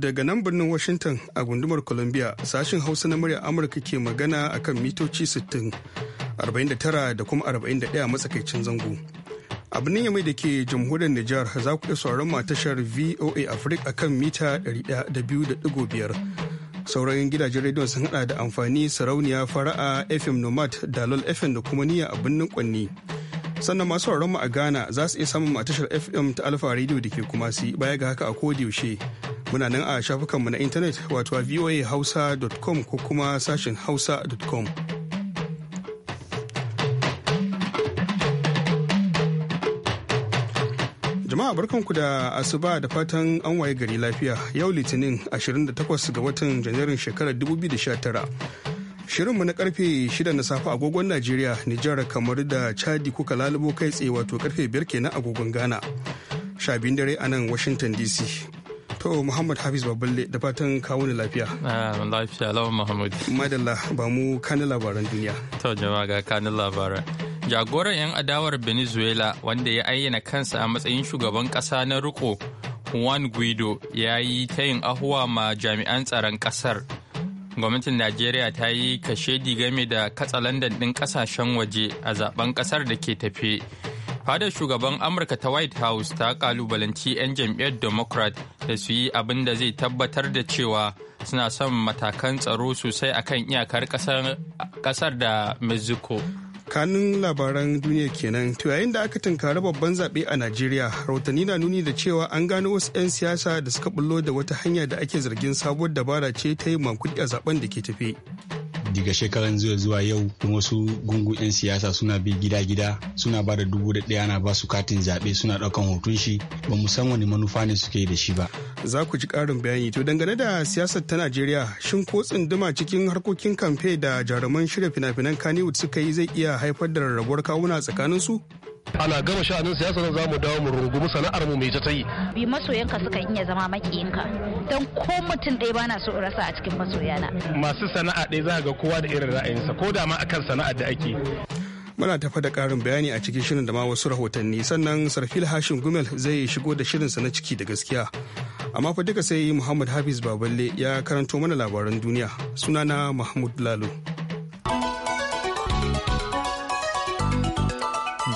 daga nan birnin Washington a gundumar Columbia sashen Hausa na murya Amurka ke magana akan mitoci 60, 49 da kuma 41 matsakaicin zango. A birnin yamai da ke jamhuriyar Nijar za ku iya sauran tashar VOA Africa a kan mita 102.5. Sauran gidajen rediyon sun hada da amfani sarauniya fara'a FM Nomad, Dalol FM da kuma niyya a birnin Kwanni. sannan masu mu a ghana za su iya samun tashar fm ta alfa radio da ke kuma si baya ga haka a yaushe muna nan a shafukanmu na intanet wato a voahausa.com ko kuma sashen hausa.com jama'a barkanku da asuba da fatan an waye gari lafiya yau litinin 28 ga watan janairun shekarar 2019 Shirinmu na karfe 6 na safe agogon Najeriya, Nijar kamar da Chadi kuka lalubo kai tsaye wato karfe 5 kenan agogon Ghana. Sha biyun dare a nan Washington DC. To Muhammad Hafiz Baballe da fatan kawo ni lafiya. Ah, lafiya lawan Muhammad. Madalla ba mu kani labaran duniya. To jama'a ga kanin labaran. Jagoran 'yan adawar Venezuela wanda ya ayyana kansa a matsayin shugaban kasa na riko Juan Guido ya yi tayin ahuwa ma jami'an tsaron kasar. gwamnatin najeriya ta yi kashedi game da katsalandan ɗin ƙasashen waje a zaben ƙasar da ke tafe fadar shugaban amurka ta white house ta kalubalanci 'yan jam'iyyar democrat da su yi abin da zai tabbatar da cewa suna son matakan tsaro sosai akan iyakar ƙasar da mexico kanun labaran duniya kenan to yayin da aka tunkari babban zaɓe a najeriya rahotanni na nuni da cewa an gano wasu 'yan siyasa da suka bullo da wata hanya da ake zargin sabuwar dabara ce ta yi mankudi a zaben da ke tafe Daga shekaran zuwa zuwa yau wasu gungun 'yan siyasa suna bi gida-gida suna ba da dubu da ɗaya na basu katin zaɓe suna ɗaukan hoton shi ba mu san wani manufa ne suke da shi ba. Za ku ji ƙarin bayani to dangane da siyasar ta Najeriya shin ko tsunduma cikin harkokin kamfe da jaruman shirya fina-finan Kannywood suka yi zai iya haifar da rarrabuwar kawuna tsakanin su? ana gama sha'anin siyasa nan mu dawo mu rungumi sana'ar mu mai ta yi bi masoyanka suka iya zama makiyinka don ko mutum ɗaya ba na so in rasa a cikin masoyana masu sana'a ɗaya za ga kowa da irin ra'ayinsa ko da ma akan sana'ar da ake muna tafa da ƙarin bayani a cikin shirin da ma wasu rahotanni sannan sarfil hashin gumel zai shigo da shirin sa na ciki da gaskiya amma fa duka sai muhammad hafiz baballe ya karanto mana labaran duniya sunana mahmud lalo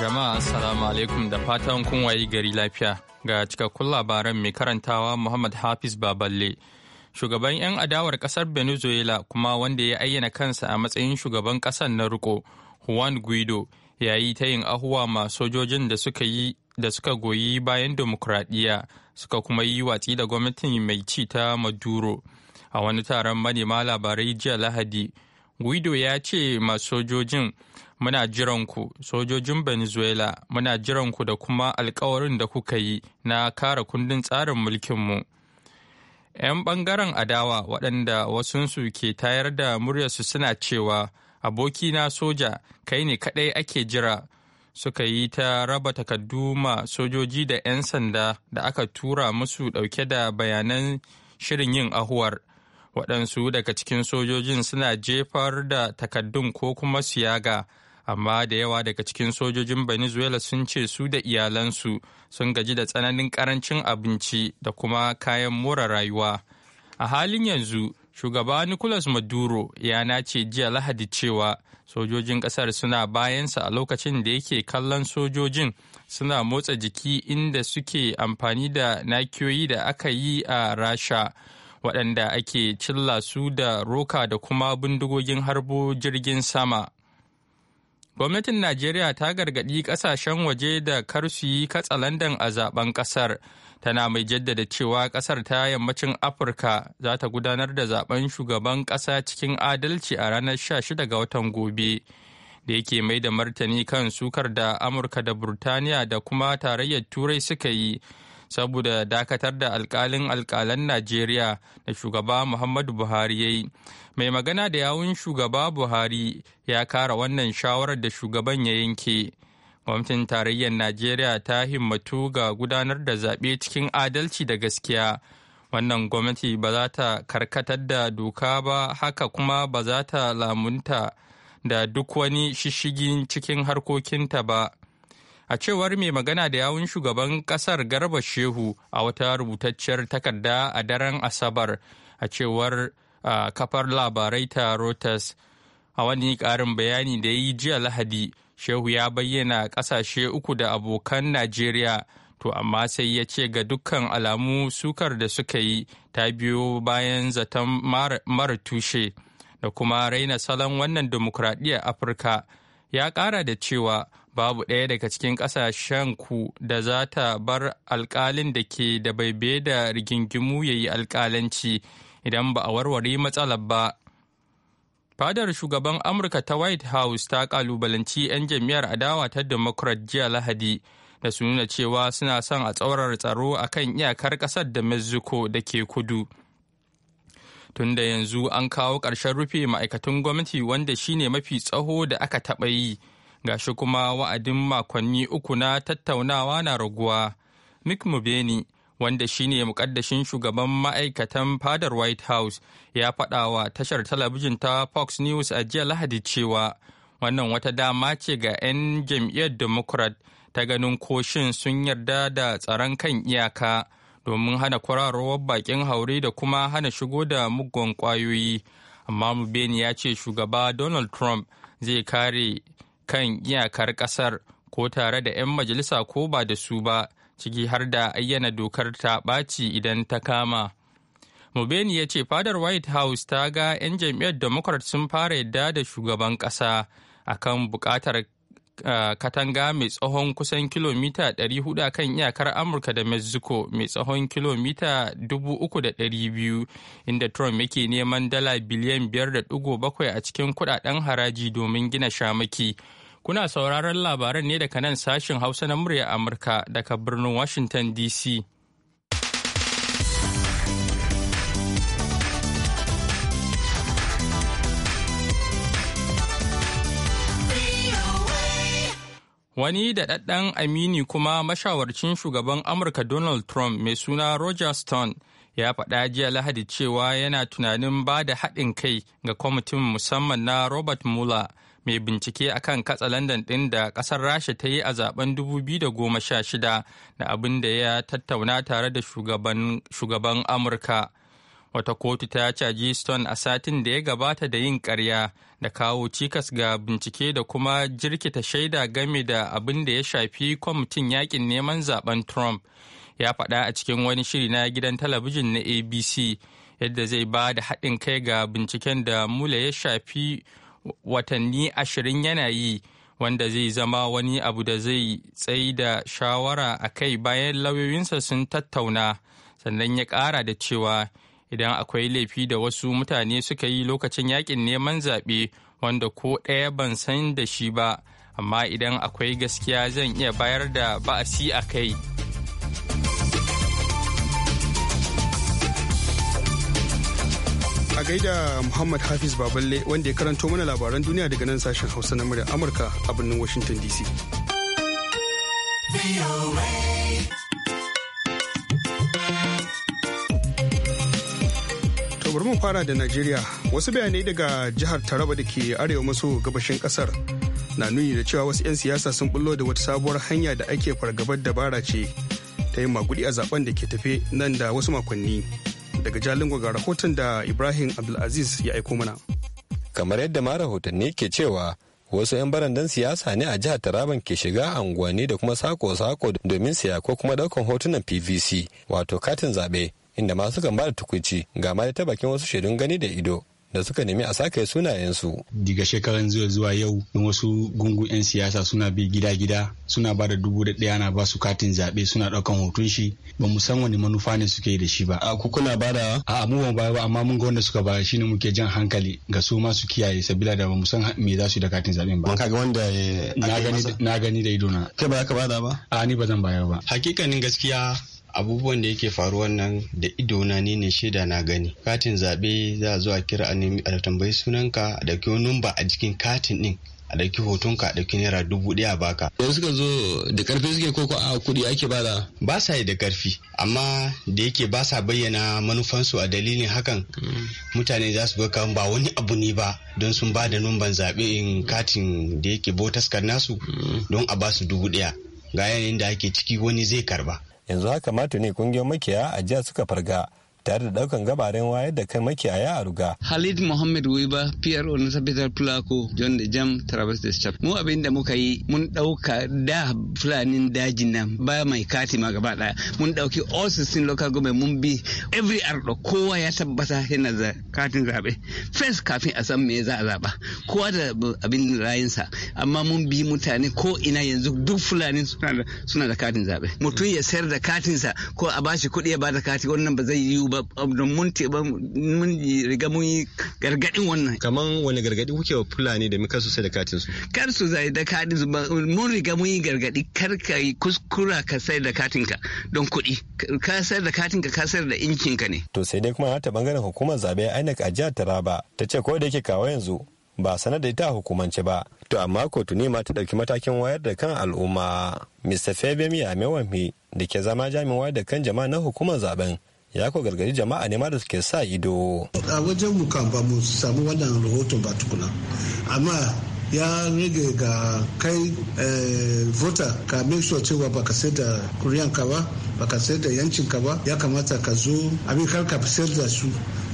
Jama'a Assalamu alaikum da fatan kun wayi gari lafiya ga cikakkun labaran mai karantawa Muhammad Hafiz Baballe. Shugaban 'yan adawar kasar Venezuela kuma wanda ya ayyana kansa a matsayin shugaban kasar na ruko Juan Guido ya yi ta yin ahuwa ma sojojin da suka yi da suka goyi bayan demokuraɗiyya suka kuma yi watsi da gwamnatin mai ci ta Maduro. A wani taron manema labarai jiya Lahadi, Guido ya ce ma sojojin muna jiran ku sojojin venezuela muna jiran ku da kuma alkawarin da kuka yi na kare kundin tsarin mulkinmu 'yan ɓangaren adawa waɗanda wasunsu ke tayar da muryarsu suna cewa abokina soja kai ne kaɗai ake jira suka yi ta raba takardu ma sojoji da 'yan sanda da aka tura musu ɗauke da bayanan shirin yin ahuwar waɗansu daga cikin sojojin suna jefar da takaddun ko kuma siyaga amma da yawa daga cikin sojojin venezuela sun ce su da iyalansu sun gaji da tsananin karancin abinci da kuma kayan mora rayuwa a halin yanzu shugaba nicolas maduro ya nace jiya lahadi cewa sojojin kasar suna bayansa a lokacin da yake kallon sojojin suna motsa jiki inda suke amfani da nakiyoyi da aka yi a rasha waɗanda ake cilla su da roka da kuma bindigogin harbo jirgin sama gwamnatin najeriya ta gargaɗi ƙasashen waje da kar su yi katsalandan a zaben ƙasar tana mai jaddada cewa ƙasar ta yammacin afirka za ta gudanar da zaben shugaban ƙasa cikin adalci a ranar 16 ga watan gobe da yake mai da martani kan sukar da amurka da burtaniya da kuma tarayyar turai suka yi saboda dakatar da alkalin alkalan najeriya da shugaba muhammadu buhari ya yi mai magana da yawun shugaba buhari ya kara wannan shawarar da shugaban ya yanke gwamnatin tarayyar najeriya ta himmatu ga gudanar da zaɓe cikin adalci da gaskiya wannan gwamnati ba za ta karkatar da doka ba haka kuma ba za ta lamunta da duk wani shishigin cikin harkokinta ba A cewar mai magana da yawun shugaban kasar Garba Shehu a wata rubutacciyar takarda a daren Asabar a cewar kafar labarai ta Reuters a wani karin bayani da ya yi jiya Lahadi. Shehu ya bayyana kasashe uku da abokan Najeriya to amma sai ya ce ga dukkan alamu sukar da suka yi ta biyo bayan zaton mara tushe da kuma raina salon wannan demokradiyyar Afirka ya ƙara da cewa babu ɗaya daga cikin ƙasashen ku da za ta bar alƙalin da ke da baibe da rigingimu ya yi alƙalanci idan ba a warware matsalar ba. Fadar shugaban Amurka ta White House ta ƙalubalanci 'yan jam'iyyar adawa ta Democrat jiya Lahadi da su nuna cewa suna son a tsaurar tsaro a kan iyakar ƙasar da Mexico da ke kudu. Tun da yanzu an kawo ƙarshen rufe ma'aikatan gwamnati wanda shine mafi tsaho da aka taɓa yi. gashi kuma wa'adin makonni uku na tattaunawa na raguwa mick mubeni wanda shine mukaddashin shugaban ma'aikatan fadar white house ya faɗa wa tashar talabijin ta fox news a jiya lahadi cewa wannan wata dama ce ga 'yan jam'iyyar democrat ta ganin koshin sun yarda da tsaron kan iyaka domin hana kwararowar bakin haure da kuma hana shigo da muggan kwayoyi amma mubeni ya ce shugaba donald trump zai kare kan iyakar ƙasar ko tare da 'yan majalisa ko ba da su ba ciki har da ayyana dokar ta ɓaci idan ta kama. Mubeni ya ce fadar White House ta ga 'yan jam'iyyar Democrat sun fara yadda da shugaban ƙasa akan buƙatar katanga mai tsohon kusan kilomita 400 kan iyakar amurka da mexico mai tsohon kilomita 3,200 inda trump yake neman dala biliyan 5.7 a cikin kudaden haraji domin gina shamaki Kuna sauraron labaran ne daga nan sashen Hausa na murya Amurka daga birnin Washington DC. Wani da daɗaɗɗen amini kuma mashawarcin shugaban Amurka Donald Trump mai suna Roger Stone ya faɗa jiya Lahadi cewa yana tunanin ba da haɗin kai ga kwamitin musamman na Robert Mueller mai bincike a kan akan katsalandan ɗin da ƙasar rasha ta yi a zaben 2016 da abin da ya tattauna tare da shugaban amurka wata kotu ta caji stone a satin da ya gabata da yin karya da kawo cikas ga bincike da kuma jirkita shaida game da abin da ya shafi kwamitin yakin neman zaben trump ya faɗa a cikin wani shiri na gidan talabijin na abc yadda zai ba da haɗin kai ga binciken da mula ya shafi watanni ashirin yana yi wanda zai zama wani abu da zai tsayi da shawara a kai bayan lauyoyinsa sun tattauna sannan ya ƙara da cewa idan akwai laifi da wasu mutane suka yi lokacin yakin neman zaɓe wanda ko ɗaya ban san da shi ba amma idan akwai gaskiya zan iya bayar da ba'asi a kai A gaida Muhammad Hafiz Baballe wanda ya karanto mana labaran duniya daga nan sashen Hausa na murya Amurka a birnin Washington DC. bari mu fara da Najeriya wasu bayanai daga jihar Taraba da ke arewa maso gabashin kasar na nuni da cewa wasu 'yan siyasa sun bullo da wata sabuwar hanya da ake fargabar dabara ce ta yi magudi a zaben da ke tafe nan da wasu makonni. daga Jalingo ga rahoton da Ibrahim Abdulaziz ya aiko mana. Kamar yadda ma rahotanni ke cewa wasu 'yan barandan siyasa ne a jihar Taraban ke shiga anguwanni da kuma sako-sako domin siya ko kuma daukan hotunan PVC wato katin zaɓe inda masu gamba da tukunci ga ma ta bakin wasu shaidun gani da ido da suka nemi a sake sunayensu. Diga shekaran zuwa zuwa yau wasu gungun 'yan siyasa suna bi gida-gida suna ba da dubu da ɗaya na ba su katin zaɓe suna ɗaukan hoton shi ba mu san wani manufa ne suke yi da shi ba. A kukuna ba da a mu ba ba amma mun ga wanda suka ba ne muke jan hankali ga su ma su kiyaye sabila da ba mu san me za su yi da katin zaɓen ba. Ka ga wanda na gani da idona. Kai ba ka bada ba? A ni ba zan bayar ba. Hakikanin gaskiya abubuwan da yake faruwan nan da idona ne ne shaida na gani katin zaɓe za a zo a kira a nemi a tambayi sunanka a dauki numba a jikin katin din a ɗauki hotonka a dauki naira dubu ɗaya baka. Yanzu suka zo da karfi suke ko a kuɗi ake ba da Ba sa yi da ƙarfi amma da yake ba sa bayyana manufansu a dalilin hakan mm. mutane za su ga kan ba wani abu ne ba don sun ba da numban zabe in katin da yake botaskar nasu mm. don a ba su dubu ɗaya. Ga yanayin da ake ciki wani zai karba yanzu haka mata ne kungiyar makiya a jiya suka farga tare da daukan gabarin wayar da kai makiyaya a ruga. Halid Muhammad Weba, PRO na Sabitar Fulako, John de Jam, Travis de Chap. Mu abin da muka yi mun dauka da Fulanin daji nan ba mai ma gaba daya. Mun dauki all local government mun bi every ardo kowa ya tabbata yana da katin zabe. First kafin a san me za a zaba. Kowa da abin rayinsa amma mun bi mutane ko ina yanzu duk Fulani suna da katin zabe. Mutum ya sayar da katinsa ko a bashi kuɗi ya bada kati wannan ba zai yiwu mun ba mun riga mun yi gargadin wannan kaman wani gargadi kuke wa fulani da muka su da katin su kar su zai da katin su mun riga mun yi gargadi kar ka yi kuskura ka sai da katin ka don kuɗi ka sayar da katin ka ka sayar da inkin ka ne to sai dai kuma ta bangaren hukumar zabe INEC a jihar Taraba ta ce ko da yake kawo yanzu ba sanar da ita a hukumance ba to amma kotu ne ma ta ɗauki matakin wayar da kan al'umma mr Fabian amewanmi da ke zama jami'a wayar da kan jama'a na hukumar zaben ya ko gargadi jama'a ne ma da suke sa ido a wajen mu kan ba mu samu wannan rahoton ba tukuna amma ya rage ga kai eh, vota ka make sure cewa baka sai da kuriyanka ba baka sai da yancinka ba ya kamata ka zo abin kar ka sayar da su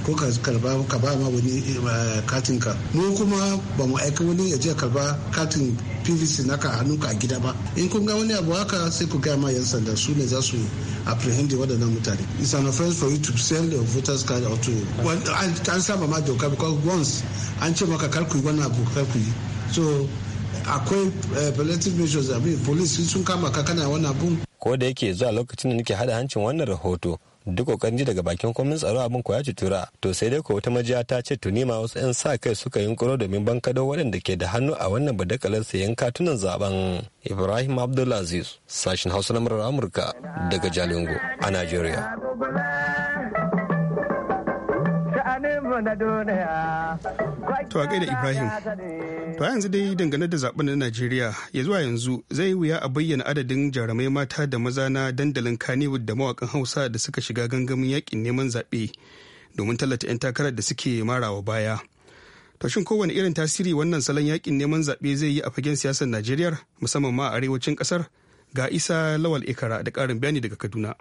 ko ka karba ka ba ma wani eh, katin ka mu kuma ba mu aika wani ya je karba katin pvc naka hannu a gida ba in kun ga wani abu haka sai ku gaya ma yan sanda su ne za su apprehend waɗannan mutane it's an offense for you to sell your voters card or to an saba ma doka because once an ce maka kar ku yi abu kar ku yi so akwai eh, preventive measures abin police sun kama ka kana wani abu. ko da yake zuwa lokacin da nake hada hancin wannan rahoto duk kokarin ji daga bakin kwamin tsaro abin ko ya ci tura to sai dai ko wata majiya ta ce tuni ma wasu 'yan sa kai suka yunkuro domin bankado waɗanda ke da hannu a wannan badakalar sayan katunan zaben ibrahim abdulaziz sashin hausa na murar amurka daga jalingo a nigeria na duniya To a gaida Ibrahim. To yanzu dai dangane da zaben na Najeriya ya zuwa yanzu zai wuya a bayyana adadin jarumai mata da maza na dandalin kanewood da mawakan Hausa da suka shiga gangamin yakin neman zaɓe domin tallata 'yan takarar da suke marawa baya. To shin kowane irin tasiri wannan salon yakin neman zaɓe zai yi a fagen siyasar Najeriya musamman ma a arewacin ƙasar? Ga Isa Lawal Ikara da ƙarin bayani daga Kaduna.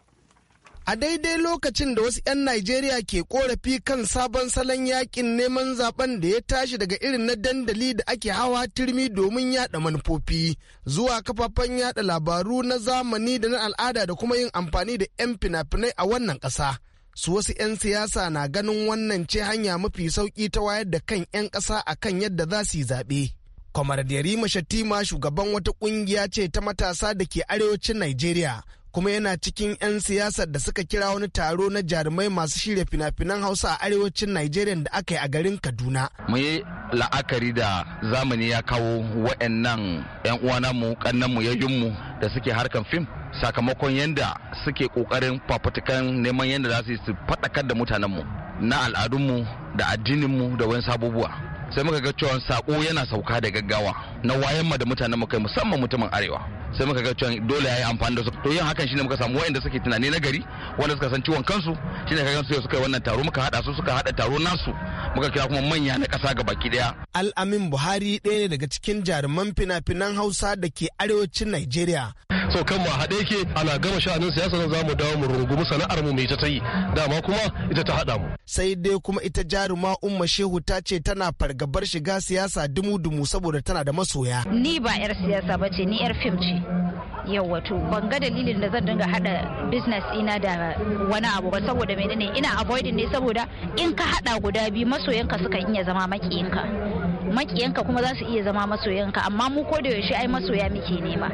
a daidai lokacin da wasu 'yan Najeriya ke korafi kan sabon salon yakin neman zaben da ya tashi daga irin na dandali da ake hawa turmi domin yada manufofi zuwa kafafen yada labaru na zamani da na al'ada da kuma yin amfani da 'yan fina-finai a wannan ƙasa. Su wasu 'yan siyasa na ganin wannan ce hanya mafi sauƙi ta wayar da kan 'yan ƙasa a kan yadda za su yi zaɓe. Kwamar Yarima Shatima shugaban wata ƙungiya ce ta matasa da ke arewacin Najeriya kuma yana cikin 'yan siyasar da suka kira wani taro na jarumai masu shirya fina-finan hausa a arewacin nigeria da aka yi a garin kaduna mu yi la'akari da zamani ya kawo wa'annan 'yan uwana mu kannan mu yayin mu da suke harkan fim sakamakon yadda suke kokarin fafutukan neman yadda za su yi su faɗakar da mutanenmu na al'adunmu da addininmu da wani sabubuwa sai muka ga cewa sako yana sauka da gaggawa na wayan ma da mutanen mu kai musamman mutumin arewa sai muka ga cewa dole ya amfani da su to yin hakan shine muka samu wa'anda suke tunani na gari wanda suka san ciwon kansu shine ka gansu suka yi wannan taro muka hada su suka hada taro nasu muka kira kuma manya na kasa ga baki daya al'amin buhari ɗaya ne daga cikin jaruman fina-finan hausa da ke arewacin nigeria so kanmu a haɗe yake ana gama sha'anin siyasa nan mu dawo mu rungumi sana'ar mu mai ta ta yi dama kuma ita ta haɗa mu sai dai kuma ita jaruma umma shehu ta ce tana fargabar shiga siyasa dumu-dumu saboda tana da masoya ni ba yar siyasa ba ce ni yar fim ce yawa to ban ga dalilin da zan dinga haɗa business ina da wani abu ba saboda menene ina avoiding ne saboda in ka haɗa guda biyu masoyanka suka iya zama makiyinka makiyanka kuma za su iya zama masoyanka amma mu ko da yaushe ai masoya muke nema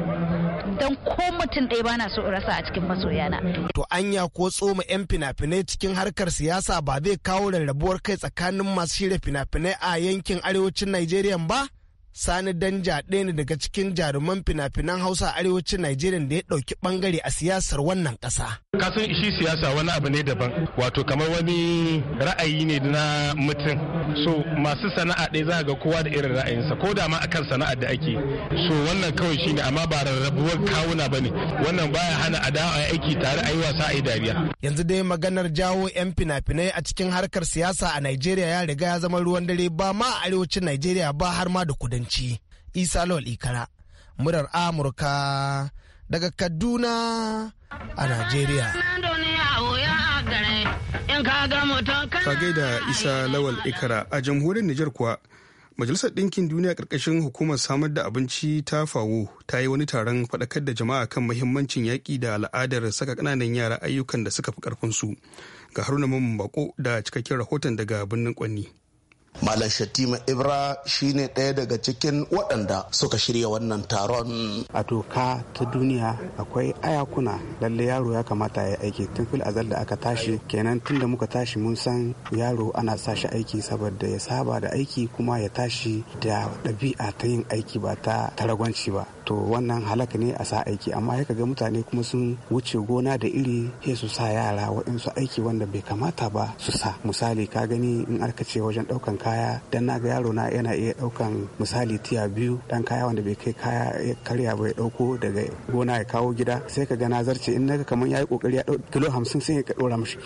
Idan ko mutum ɗaya bana so rasa a cikin masoyana. To anya ko tsoma 'yan fina-finai cikin harkar siyasa ba zai kawo rarrabuwar kai tsakanin masu shirya fina-finai a yankin arewacin Najeriya ba? sani danja ɗaya ne daga cikin jaruman fina-finan hausa arewacin najeriya da ya ɗauki bangare a siyasar wannan ƙasa. kasan shi siyasa wani abu ne daban wato kamar wani ra'ayi ne na mutum so masu sana'a ɗaya za ga kowa da irin ra'ayinsa ko da ma akan sana'a da ake so wannan kawai shi ne amma ba rarrabuwar kawuna ba ne wannan baya hana adawa a aiki tare a yi wasa a yi dariya. yanzu dai maganar jawo 'yan fina-finai a cikin harkar siyasa a najeriya ya riga ya zama ruwan dare ba ma a arewacin najeriya ba har ma da kudanci. isa lawal ikara murar amurka daga kaduna a najeriya ka gaida isa lawal ikara a jamhuriyar nijar kuwa majalisar ɗinkin duniya ƙarƙashin hukumar samar da abinci ta fawo ta yi wani taron faɗakar da jama'a kan mahimmancin yaƙi da al'adar saka ƙananan yara ayyukan da suka fi ƙarfinsu ga haruna mamman bako da cikakken rahoton daga birnin kwanni Malam Shatima Ibra shine ɗaya daga cikin waɗanda suka shirya wannan taron. A doka ta duniya akwai ayakuna lalle yaro ya kamata ya aiki tun fil azal da aka tashi kenan tun da muka tashi mun san yaro ana sa shi aiki saboda ya saba da aiki kuma ya tashi da ɗabi'a ta yin aiki ba ta taragwanci ba. to wannan halaka ne a sa aiki amma ya ga mutane kuma sun wuce gona da iri sai su sa yara waɗansu aiki wanda bai kamata ba su sa misali ka gani in aka ce wajen ɗaukan kaya dan na ga yaro na yana iya ɗaukan misali tiya biyu dan kaya wanda bai kai kaya ya karya bai ɗauko daga gona ya kawo gida sai ka ga na zarce in naga kamar ya yi ƙoƙari ya ɗau kilo hamsin sai ya ɗora mashi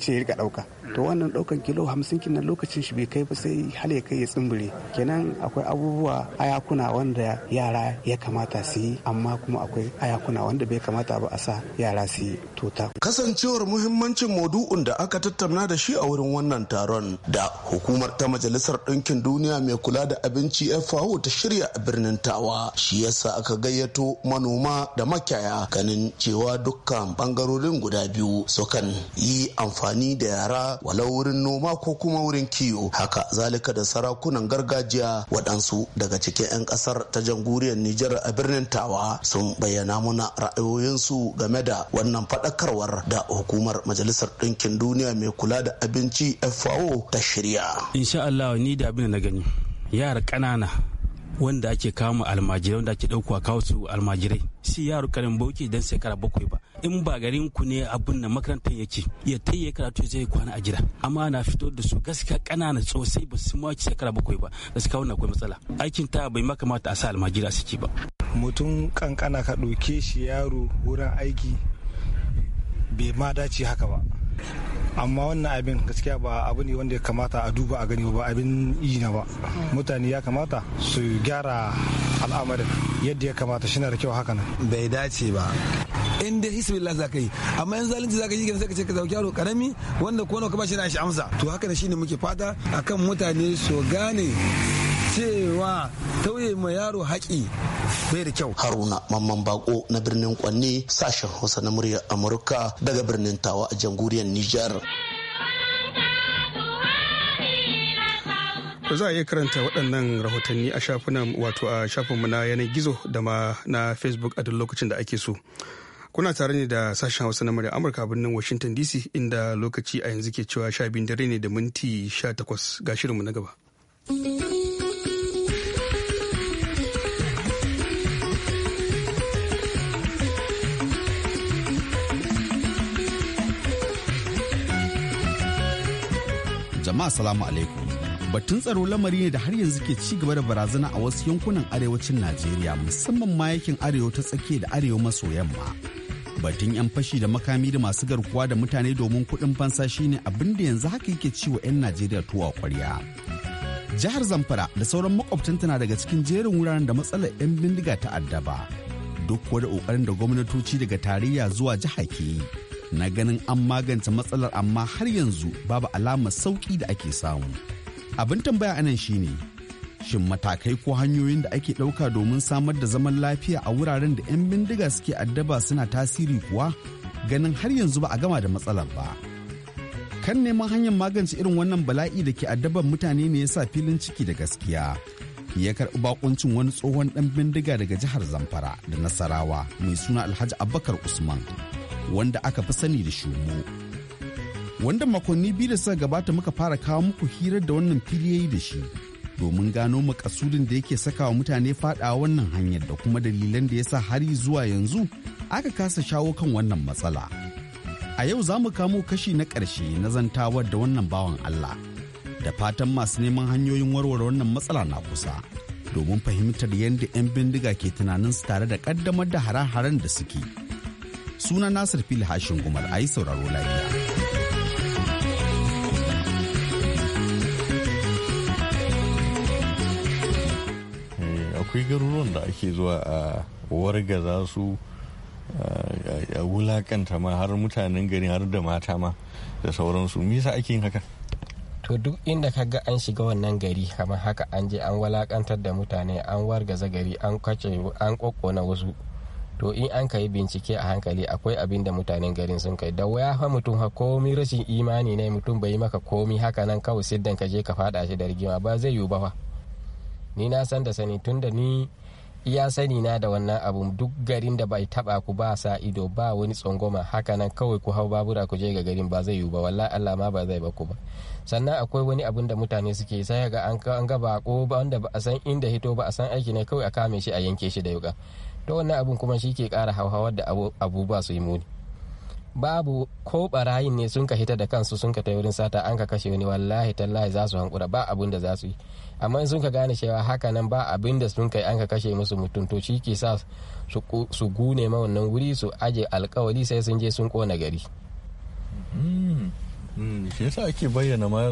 ce ya rika ɗauka to wannan daukan kilo hamsin kinan lokacin shi bai kai ba sai hal ya kai ya tsimbire kenan akwai abubuwa ayakuna wanda yara ya kamata su yi amma kuma akwai ayakuna wanda bai kamata ba a sa yara su yi ta. kasancewar muhimmancin maudu'un da aka tattauna da shi a wurin wannan taron da hukumar ta majalisar ɗinkin duniya mai kula da abinci FAO ta shirya a birnin Tawa shi yasa aka gayyato manoma da makiyaya ganin cewa dukkan bangarorin guda biyu sukan yi amfani da yara walau wurin noma ko kuma wurin kiwo haka zalika da sarakunan gargajiya waɗansu daga cikin 'yan ƙasar ta jamhuriyar Nijar a birnin Tawa sun bayyana muna ra'ayoyinsu game da wannan faɗakarwar da hukumar Majalisar Ɗinkin Duniya mai kula da abinci FAO ta shirya. Insha Allah ni da abin na gani yara ƙanana wanda ake kama almajirai wanda ake a kawo su almajirai si yaro karin bauki dan shekara bakwai ba in ba garin ku ne abin da ya yake ya tayye karatu zai kwana a jira amma na fito da su gaskiya kanana sosai ba su ma shekara bakwai ba gaskiya wannan akwai matsala aikin ta bai makamata a sa almajira suke ba mutum kankana ka ɗauke shi yaro wurin aiki bai ma dace haka ba amma wannan abin gaskiya ba abu ne wanda ya kamata a duba a gani ba abin yi na ba mutane ya kamata su gyara al'amarin yadda ya kamata shi na da kyau haka nan bai dace ba in dai hisbillah za ka yi amma yanzu zalunci za ka yi sai ka ce ka zauki yaro karami wanda ko ka ba shi na shi amsa to haka ne shine muke fata akan mutane su gane cewa tauye ma yaro haƙi bai da kyau. Haruna Mamman Bako na birnin Kwanne sashen Hausa na muryar Amurka daga birnin Tawa a jamhuriyar Nijar. za a iya karanta waɗannan rahotanni a shafunan wato a shafinmu na yanar gizo da ma na facebook a duk lokacin da ake so kuna tare ne da sashen hausa na murya amurka a birnin washington dc inda lokaci a yanzu ke cewa sha biyu dare ne da minti sha takwas ga shirinmu na gaba. jama'a salamu alaikum batun tsaro lamari ne da har yanzu ke ci gaba da barazana a wasu yankunan arewacin najeriya musamman ma yakin arewa ta tsakiya da arewa maso yamma batun yan fashi da makami da masu garkuwa da mutane domin kuɗin fansa shine abin da yanzu haka yake ci wa 'yan najeriya tuwa kwarya jihar zamfara da sauran makwabtanta na daga cikin jerin wuraren da matsalar 'yan bindiga ta addaba duk kuwa da ƙoƙarin da gwamnatoci daga tarayya zuwa jiha ke yi na ganin an magance matsalar amma har yanzu babu alamar sauƙi da ake samu abin tambaya anan shine shin matakai ko hanyoyin da ake ɗauka domin samar da zaman lafiya a wuraren da 'yan bindiga suke addaba suna tasiri kuwa ganin har yanzu ba a gama da matsalar ba kan neman hanyar magance irin wannan bala'i da ke addaban mutane ne yasa filin ciki da gaskiya ya karɓi bakuncin wani tsohon ɗan bindiga daga jihar zamfara da nasarawa mai suna alhaji abubakar usman wanda aka fi sani da shumo. Wanda makonni biyu da suka gabata muka fara kawo muku hirar da wannan fili da shi domin gano makasudin da yake sakawa mutane fada wannan hanyar da kuma dalilan da ya sa har zuwa yanzu aka kasa shawo kan wannan matsala. A yau za mu kamo kashi na ƙarshe na zantawar da wannan bawan Allah. Da fatan masu neman hanyoyin warware wannan matsala na kusa. Domin fahimtar yadda 'yan bindiga ke tunanin su tare da ƙaddamar da hare-haren da suke. Suna Nasir Fil Hashin gumar a yi sauraro lafiya. Eh, akwai garuruwan da ake zuwa a wargaza su eh, a wulakanta ma har mutanen gari har da mata ma da sauransu misa ake yin haka to duk inda ka ga an shiga wannan gari kamar haka an je an walakantar da mutane an wargaza gari an kwace an kokona wasu to in an kai bincike a hankali akwai abin da mutanen garin sun kai da waya fa mutum ha komi rashin imani ne mutum bai maka komi haka nan kawai siddan ka je ka fada shi da rigima ba zai yiwu ba fa ni na san da sani tun da ni iya sani na da wannan abun duk garin da bai taba ku ba sa ido ba wani tsangoma haka nan kawai ku hau babura ku je ga garin ba zai yiwu ba wallahi Allah ma ba zai ba ku ba sannan akwai wani abun da mutane suke sai ga an ga bako ba wanda ba a san inda hito ba a san aiki ne kawai a kame shi a yanke shi da yuka to wannan abin kuma shi ke kara hauhawar da abubuwa su yi muni babu ko barayin ne sun ka hita da kansu sun ka ta wurin sata an ka kashe wani wallahi tallahi za su hankura ba abin da za su yi amma in sun ka gane cewa haka nan ba abin da sun kai an ka kashe musu mutum to shi ke sa su gune ma wannan wuri su aje alkawari sai sun je sun kona gari mm. Mm, shi yasa ake bayyana ma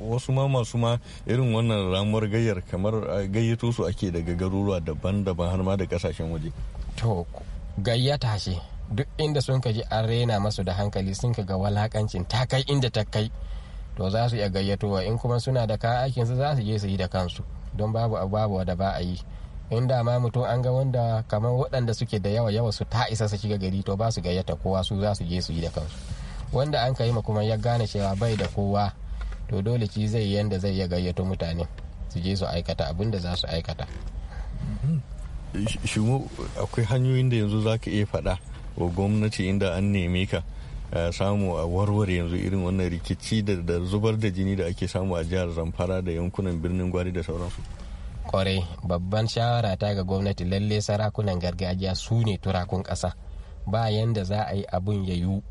wasu ma masu ma irin wannan ramuwar gayyar kamar ah, gayyato su ake daga garuruwa daban-daban har ma da kasashen waje to gayyata shi duk inda sun ji an rena masu da hankali sun ga walakancin ta kai inda ta kai to za su iya gayyatowa in kuma suna da kayan aikinsu za su je su yi da kansu don babu babu da ba a yi in da ma mutum an ga wanda kamar waɗanda suke da yawa yawa su ta isa su shiga gari to ba su gayyata kowa su za su je su yi da kansu wanda an yi ma kuma ya gane cewa bai da kowa to dole ki zai yanda zai ya gayyato mutane su je su aikata abin da za su aikata shimu akwai hanyoyin da yanzu za ka iya faɗa wa gwamnati inda an neme ka samu a warware yanzu irin wannan rikici da zubar da jini da ake samu a jihar zamfara da yankunan birnin gwari da sauransu kwarai babban shawara ta ga gwamnati lalle sarakunan gargajiya su ne turakun ƙasa bayan da za a yi abun ya yiwu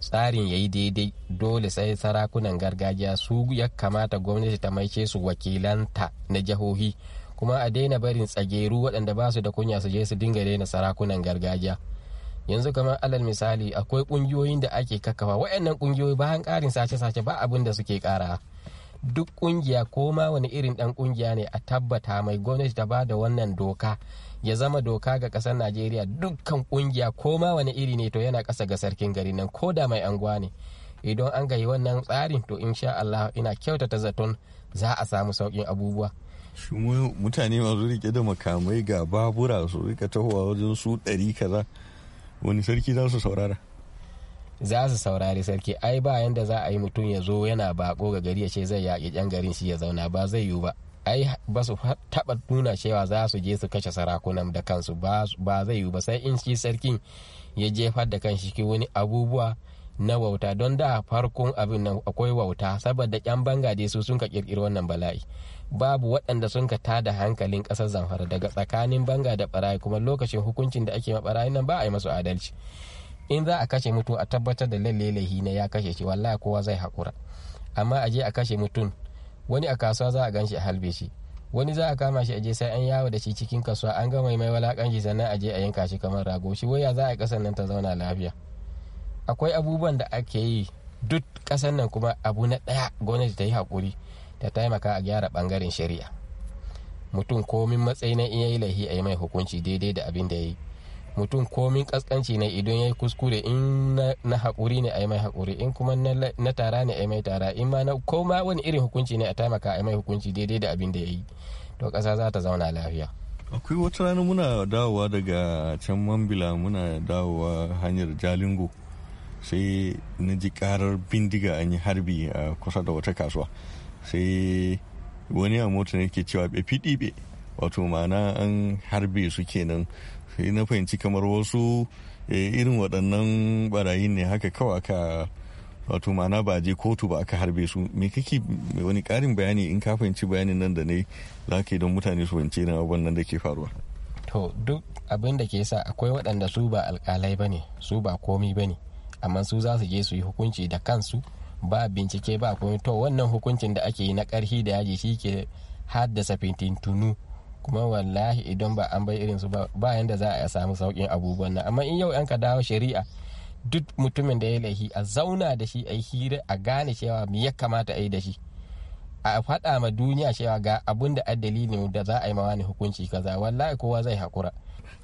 tsarin ya yi daidai dole sai sarakunan gargajiya su ya kamata gwamnati ta maishe su wakilanta na jihohi kuma a daina barin tsageru waɗanda ba su da kunya su je su dinga daina sarakunan gargajiya yanzu kamar alal misali akwai ƙungiyoyin da ake kakawa waɗannan ƙungiyoyi bayan ƙarin sace-sace ba abin da suke ƙara duk ƙungiya ko ma wani irin ɗan ƙungiya ne a tabbata mai gwamnati ta ba da wannan doka ya zama doka ga kasar najeriya dukkan kungiya ko ma wani iri ne to yana kasa ga sarkin gari nan ko da mai anguwa ne idan an gayi wannan tsarin to insha allah ina kyautata zaton za a samu saukin abubuwa shi mutane masu rike da makamai ga babura su rika tahowa wajen su ɗari kaza wani sarki za su saurara za su saurari sarki ai ba yanda za a yi mutum ya zo yana bako ga gari ya ce zai yaƙi yan garin shi ya zauna ba zai yiwu ba ai ba su taɓa nuna cewa za su je su kashe sarakunan da kansu ba zai yi ba sai in shi sarkin ya jefar da kan shi wani abubuwa na wauta don da farkon abin nan akwai wauta saboda yan bangade su sun ka kirkiri wannan bala'i babu waɗanda sun ka tada hankalin ƙasar zamfara daga tsakanin banga da barayi kuma lokacin hukuncin da ake ma barayi nan ba a yi masu adalci in za a kashe mutum a tabbatar da lallai lahi na ya kashe shi wallahi kowa zai haƙura amma a je a kashe mutum wani a kasuwa za a ganshi a halbe shi wani za a kama shi aje sai an yawo da shi cikin kasuwa an gama mai walakanci sannan a je a yanka shi kamar rago shi waya za a kasan nan ta zauna lafiya akwai abubuwan da ake yi duk kasan nan kuma abu na daya gwamnati ta yi hakuri ta taimaka a gyara bangaren shari'a mutum komin matsayi na iya yi lahi a yi mai hukunci daidai da abin da ya yi mutum komin kaskanci ne idan ya yi kuskure in na haƙuri ne a yi mai haƙuri in kuma na tara ne a yi mai tara in ma na koma wani irin hukunci ne a taimaka a yi mai hukunci daidai da abin da ya yi to ƙasa za ta zauna lafiya. akwai wata rana muna dawowa daga can mambila muna dawowa hanyar jalingo sai na ji karar bindiga an yi harbi a kusa da wata kasuwa sai wani a mota ne ke cewa bai fiɗi be wato ma'ana an harbe su kenan Eh, na fahimci kamar wasu eh, irin waɗannan barayin ne haka kawai aka wato ma'ana ba je kotu ba aka harbe su me kake wani ƙarin bayani in ka fahimci bayanin nan da ne za ka yi don mutane su fahimci irin abubuwan nan da ke faruwa to duk abin da ke sa akwai waɗanda su ba alƙalai ba ne su ba komi ba ne amma su za su je su yi hukunci da kansu ba bincike ba komi to wannan hukuncin da ake yi na ƙarfi da yaji shi ke haddasa fitintunu kuma wallahi idan ba an bai irin su ba bayan da za a samu saukin abubuwan nan amma in yau an dawo shari'a duk mutumin da ya laifi a zauna da shi a yi hira a gane cewa me ya kamata a yi da shi a faɗa ma duniya cewa ga abun da addali ne da za a yi mawa ni hukunci kaza wallahi kowa zai hakura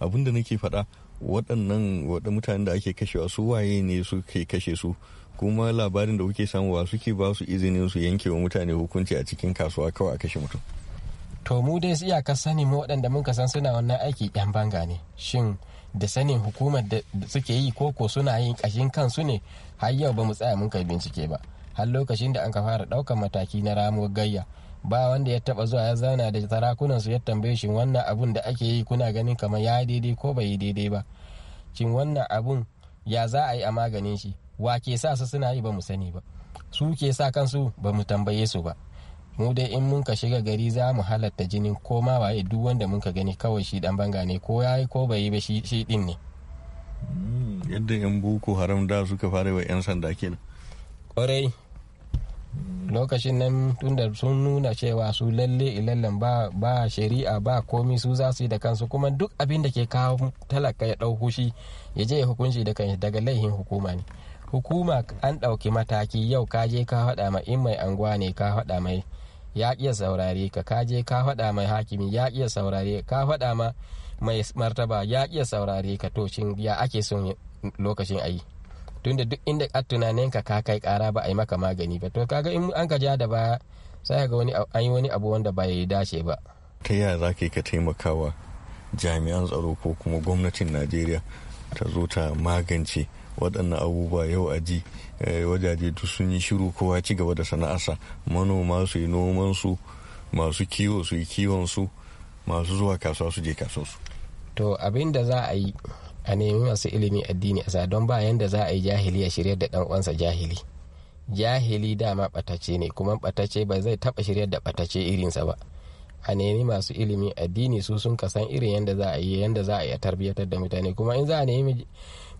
abun da nake faɗa waɗannan waɗannan mutanen da ake kashewa su waye ne suke kashe su kuma labarin da kuke samuwa suke ba su izinin su yanke wa mutane hukunci a cikin kasuwa kawai a kashe mutum to mu dai iyakar sani mu waɗanda mun san suna wannan aiki yan banga ne shin da sanin hukumar da suke yi ko suna yin ƙashin kansu ne har yau ba mu tsaya mun kai bincike ba har lokacin da an ka fara ɗaukar mataki na ramuwar gayya ba wanda ya taɓa zuwa ya zauna da sarakunan su ya tambaye shi wannan abun da ake yi kuna ganin kamar ya daidai ko bai yi daidai ba shin wannan abun ya za a yi a maganin shi wa ke sa su suna yi ba mu sani ba su ke sa kansu ba mu tambaye su ba mu dai in mun ka shiga gari za mu halatta jinin ko ma waye duk wanda mun ka gani kawai shi dan banga ne ko yayi ko bai yi ba shi din ne hmm, yadda yan boko haram da suka fara wa yan sanda kenan kwarai lokacin nan tunda sun nuna cewa su lalle ilallan ba ba shari'a ba komi su za su yi da kansu kuma duk abin da ke kawo talaka ya ɗauko shi ya je hukunci da kan daga laihin hukuma ne hukuma an ɗauki mataki yau ka je ka haɗa ma in mai anguwa ne ka haɗa mai ya iya saurare ka ka je ka faɗa mai hakimi ya iya saurare ka faɗa ma mai martaba ya iya saurare ka to shin ya ake son lokacin ayi tunda duk inda a tunanin ka kai kara ba a yi maka magani ba to kaga in an ka ja da baya sai ga wani an yi wani abu wanda ba ya dace ba ta yaya za ka taimakawa jami'an tsaro ko kuma gwamnatin najeriya ta zo ta magance waɗannan abubuwa yau a ji eh, wajaje duk sun yi shiru kowa ci gaba da sana'arsa manoma su yi nomansu masu kiwo su yi su masu zuwa kasuwa su je su. to abin da za a yi a nemi masu ilimi addini a don ba yanda za a yi jahili a shirya da dan uwansa jahili jahili dama batace ne kuma batace ba zai taba shirya da ɓatace irinsa ba a nemi masu ilimi addini su sun kasan irin yanda za a yi yanda za a yi a tarbiyyatar da mutane kuma in za a nemi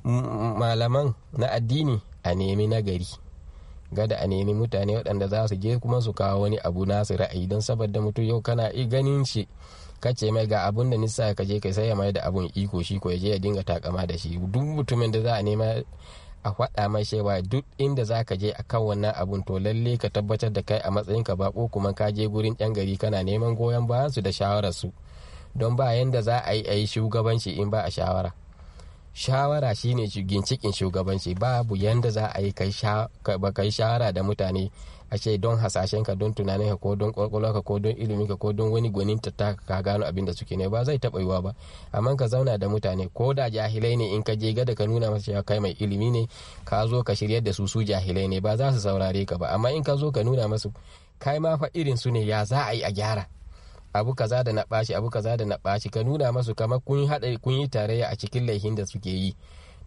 malaman na addini a nemi nagari gada a nemi mutane waɗanda za su je kuma su kawo wani abu nasu ra'ayi don saboda mutum yau kana i ganin shi kace mai ga abun da nisa ka je kai sai ya mai da abun iko shi ko ya je ya dinga takama da shi duk mutumin da za a nema a faɗa mai shewa duk inda za ka je kan wannan abun to lalle ka tabbatar da kai a matsayin ka bako kuma ka je gurin yan gari kana neman goyon bayan su da shawararsu don ba yanda za a yi a yi shugabanci in ba a shawara shawara shine gincikin shugabanci babu yadda za a yi kai shawara da mutane ashe don hasashen ka don tunanin ka ko don kwakwalwa ka ko don ilimin ka ko don wani gwanin ta ka gano abin da suke ne ba zai taɓa yiwa ba amma ka zauna da mutane ko da jahilai ne in ka je gada ka nuna masa cewa kai mai ilimi ne ka zo ka shiryar da su su jahilai ne ba za su saurare ka ba amma in ka zo ka nuna masu kai ma fa irin su ne ya za a yi a gyara abu kaza da na bashi abu kaza da na bashi ka nuna masu kamar kun haɗa kun yi tarayya a cikin laifin da suke yi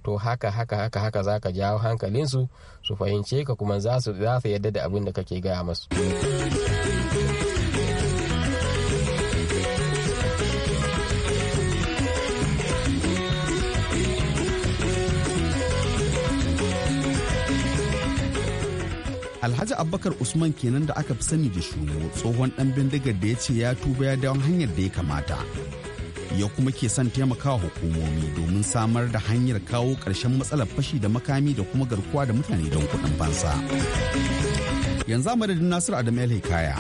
to haka haka haka haka za ka jawo hankalinsu su fahimce ka kuma za su yadda da abin da kake gaya masu. alhaji abubakar usman kenan da aka fi sani da shuno tsohon dan bindigar da ya ce ya tuba ya dawo hanyar da ya kamata ya kuma ke son taimakawa hukumomi domin samar da hanyar kawo ƙarshen matsalar fashi da makami da kuma garkuwa da mutane don kuɗin fansa yanzu madadin nasiru adam el hikaya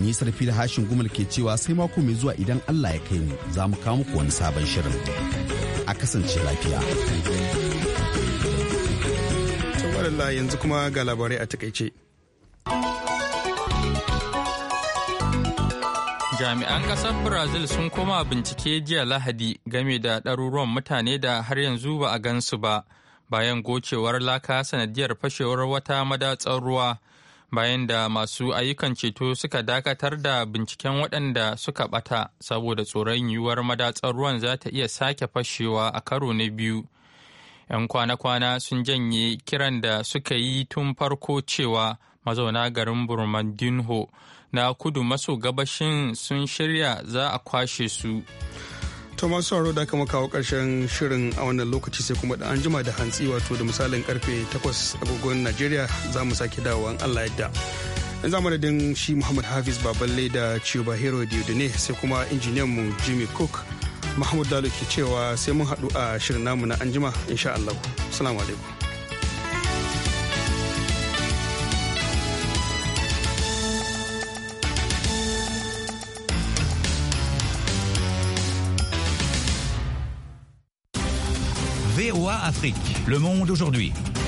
ni sarfi da hashin gumal ke cewa sai mako mai zuwa idan allah ya kai mu za mu kawo muku wani sabon shirin a kasance lafiya Madalla yanzu kuma ga labarai a takaice. Jami'an ƙasar Brazil sun koma bincike jiya Lahadi game da ɗaruruwan mutane da har yanzu ba a gansu ba bayan gocewar laka sanadiyar fashewar wata madatsar ruwa bayan da masu ayyukan ceto suka dakatar da binciken waɗanda suka ɓata saboda tsoron yiwuwar madatsar ruwan za ta iya sake fashewa a karo na biyu 'yan kwana-kwana sun janye kiran da suka yi tun farko cewa mazauna garin burmandinho na kudu maso gabashin sun shirya za a kwashe su thomas Sauro da aka kawo karshen shirin a wannan lokaci sai kuma da an jima da hantsi wato da misalin karfe 8 agogon najeriya za mu sake dawowa an allah yadda in za shi muhammad hafiz baballe da ciyo hero diodone sai kuma injiniyan mu jimmy cook mahmud dalo ke cewa sai mun haɗu a shirin namu na anjima insha allahu salamu alaikum Afrique. Le monde aujourd'hui.